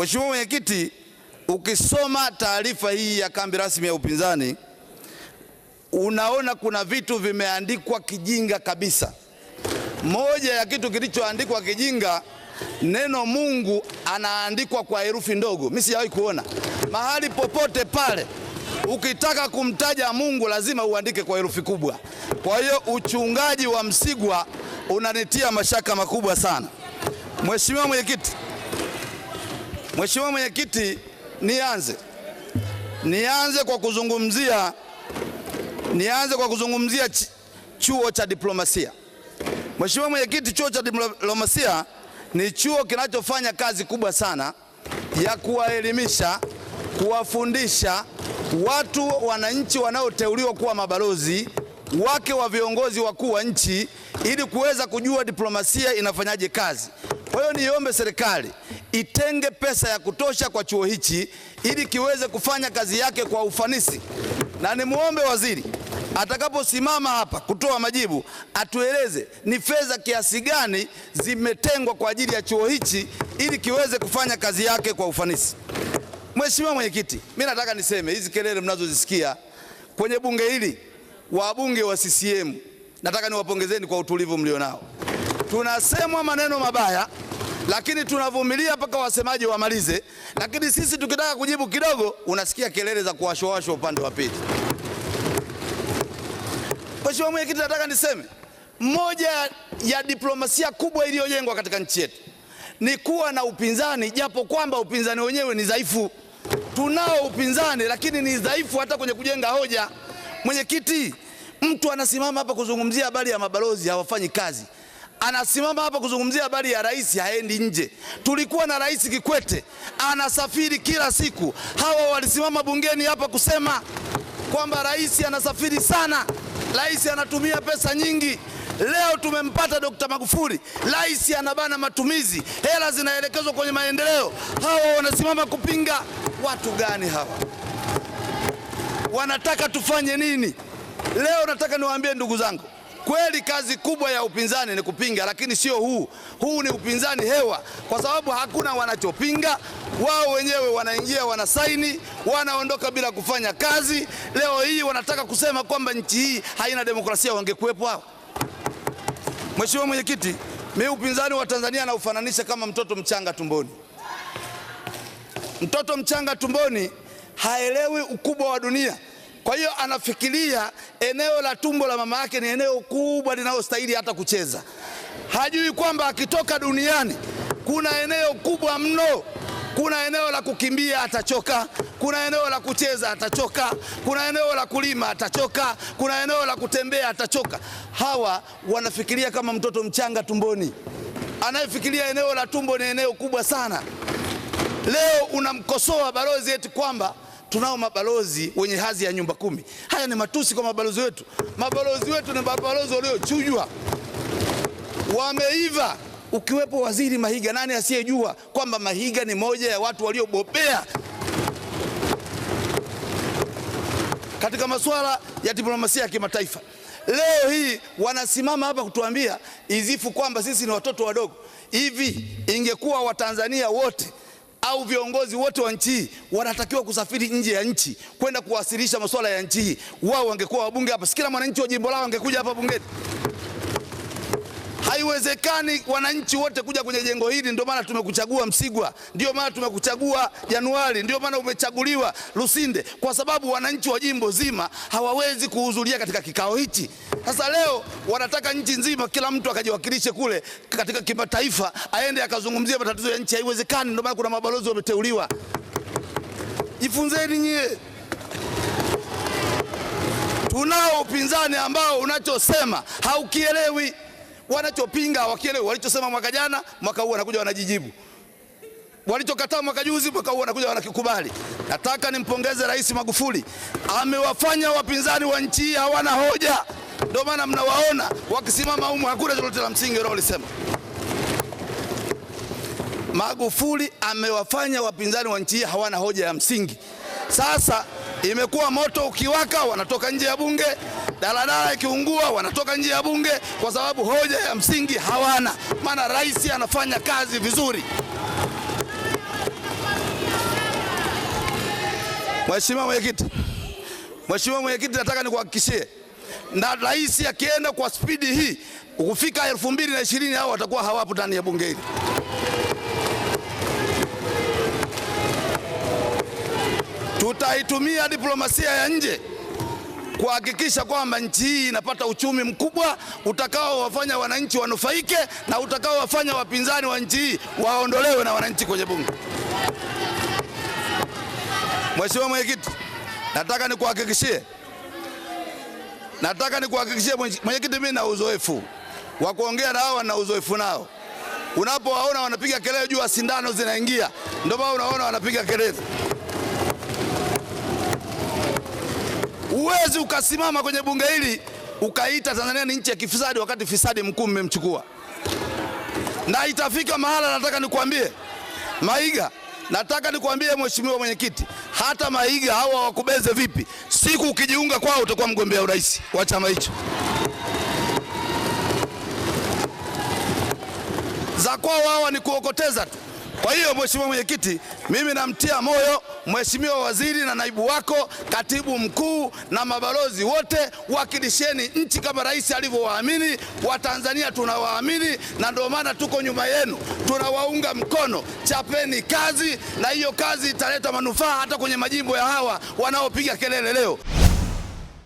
Mheshimiwa Mwenyekiti, ukisoma taarifa hii ya kambi rasmi ya upinzani unaona kuna vitu vimeandikwa kijinga kabisa. Moja ya kitu kilichoandikwa kijinga, neno Mungu anaandikwa kwa herufi ndogo. Mimi sijawahi kuona mahali popote pale ukitaka kumtaja Mungu lazima uandike kwa herufi kubwa. Kwa hiyo uchungaji wa Msigwa unanitia mashaka makubwa sana. Mheshimiwa Mwenyekiti, Mheshimiwa Mwenyekiti, nianze nianze kwa kuzungumzia nianze kwa kuzungumzia ch chuo cha diplomasia. Mheshimiwa Mwenyekiti, chuo cha diplomasia ni chuo kinachofanya kazi kubwa sana ya kuwaelimisha, kuwafundisha watu wananchi wanaoteuliwa kuwa mabalozi wake wa viongozi wakuu wa nchi ili kuweza kujua diplomasia inafanyaje kazi. Kwa hiyo niombe serikali itenge pesa ya kutosha kwa chuo hichi ili kiweze kufanya kazi yake kwa ufanisi, na nimwombe waziri atakaposimama hapa kutoa majibu atueleze ni fedha kiasi gani zimetengwa kwa ajili ya chuo hichi ili kiweze kufanya kazi yake kwa ufanisi. Mheshimiwa Mwenyekiti, mi nataka niseme hizi kelele mnazozisikia kwenye bunge hili, wabunge wa CCM nataka niwapongezeni kwa utulivu mlionao. Tunasemwa maneno mabaya lakini tunavumilia mpaka wasemaji wamalize, lakini sisi tukitaka kujibu kidogo unasikia kelele za kuwashowashwa upande wa pili. Mheshimiwa Mwenyekiti, nataka niseme moja ya diplomasia kubwa iliyojengwa katika nchi yetu ni kuwa na upinzani, japo kwamba upinzani wenyewe ni dhaifu. Tunao upinzani lakini ni dhaifu hata kwenye kujenga hoja. Mwenyekiti, mtu anasimama hapa kuzungumzia habari ya mabalozi hawafanyi kazi anasimama hapa kuzungumzia habari ya rais, haendi nje. Tulikuwa na rais Kikwete, anasafiri kila siku. Hawa walisimama bungeni hapa kusema kwamba rais anasafiri sana, rais anatumia pesa nyingi. Leo tumempata Dr. Magufuli, rais anabana matumizi, hela zinaelekezwa kwenye maendeleo. Hawa wanasimama kupinga. Watu gani hawa? Wanataka tufanye nini? Leo nataka niwaambie ndugu zangu Kweli kazi kubwa ya upinzani ni kupinga, lakini sio huu. Huu ni upinzani hewa, kwa sababu hakuna wanachopinga. Wao wenyewe wanaingia, wanasaini, wanaondoka bila kufanya kazi. Leo hii wanataka kusema kwamba nchi hii haina demokrasia, wangekuwepo hao. Mheshimiwa Mwenyekiti, mi upinzani wa Tanzania naufananisha kama mtoto mchanga tumboni. Mtoto mchanga tumboni haelewi ukubwa wa dunia. Kwa hiyo anafikiria eneo la tumbo la mama yake ni eneo kubwa linalostahili hata kucheza. Hajui kwamba akitoka duniani kuna eneo kubwa mno kuna eneo la kukimbia atachoka, kuna eneo la kucheza atachoka, kuna eneo la kulima atachoka, kuna eneo la kutembea atachoka. Hawa wanafikiria kama mtoto mchanga tumboni, anayefikiria eneo la tumbo ni eneo kubwa sana. Leo unamkosoa balozi eti kwamba tunao mabalozi wenye hadhi ya nyumba kumi. Haya ni matusi kwa mabalozi wetu. Mabalozi wetu ni mabalozi waliochujwa, wameiva ukiwepo Waziri Mahiga. Nani asiyejua kwamba Mahiga ni moja ya watu waliobobea katika masuala ya diplomasia ya kimataifa. Leo hii wanasimama hapa kutuambia izifu kwamba sisi ni watoto wadogo. Hivi ingekuwa Watanzania wote au viongozi wote wa nchi hii wanatakiwa kusafiri nje ya nchi kwenda kuwasilisha masuala ya nchi hii. Wao wangekuwa wabunge hapa, si kila mwananchi wa jimbo lao angekuja hapa bungeni? Haiwezekani wananchi wote kuja kwenye jengo hili. Ndio maana tumekuchagua Msigwa, ndio maana tumekuchagua Januari, ndio maana umechaguliwa Lusinde, kwa sababu wananchi wa jimbo zima hawawezi kuhudhuria katika kikao hichi. Sasa leo wanataka nchi nzima kila mtu akajiwakilishe kule katika kimataifa, aende akazungumzia matatizo ya nchi. Haiwezekani. Ndio maana kuna mabalozi wameteuliwa. Jifunzeni nyie tunao upinzani ambao unachosema haukielewi wanachopinga wakielewe, walichosema mwaka jana, mwaka huu wanakuja wanajijibu, walichokataa mwaka juzi, mwaka huu wanakuja wanakikubali. Nataka nimpongeze Rais Magufuli, amewafanya wapinzani wa nchi hii hawana hoja. Ndio maana mnawaona wakisimama humu, hakuna lolote la msingi wanaolisema. Magufuli amewafanya wapinzani wa nchi hii hawana hoja ya msingi. Sasa imekuwa moto ukiwaka wanatoka nje ya bunge, daladala ikiungua wanatoka nje ya bunge, kwa sababu hoja ya msingi hawana. Maana rais anafanya kazi vizuri. Mheshimiwa Mwenyekiti, Mheshimiwa Mwenyekiti, nataka nikuhakikishie na rais akienda kwa spidi hii kufika 2020 hao watakuwa hawapo ndani ya bunge hili. Tutaitumia diplomasia ya nje kuhakikisha kwamba nchi hii inapata uchumi mkubwa utakaowafanya wananchi wanufaike na utakaowafanya wapinzani wa nchi hii waondolewe na wananchi kwenye bunge. Mheshimiwa Mwenyekiti, nataka nikuhakikishie, nataka nikuhakikishie Mwenyekiti, mimi na uzoefu wa kuongea na hawa na uzoefu nao. Unapowaona wanapiga kelele juu ya sindano zinaingia, ndio maana unaona wanapiga kelele. Huwezi ukasimama kwenye bunge hili ukaita Tanzania ni nchi ya kifisadi wakati fisadi mkuu mmemchukua, na itafika mahala. Nataka nikuambie Maiga, nataka nikuambie mheshimiwa mwenyekiti, hata Maiga hawa wakubeze vipi, siku ukijiunga kwao utakuwa mgombea urais wa chama hicho. Za kwao hawa ni kuokoteza tu. Kwa hiyo Mheshimiwa Mwenyekiti, mimi namtia moyo Mheshimiwa Waziri na naibu wako, katibu mkuu na mabalozi wote, wakilisheni nchi kama rais alivyowaamini. Watanzania tunawaamini na ndio maana tuko nyuma yenu, tunawaunga mkono. Chapeni kazi, na hiyo kazi italeta manufaa hata kwenye majimbo ya hawa wanaopiga kelele leo.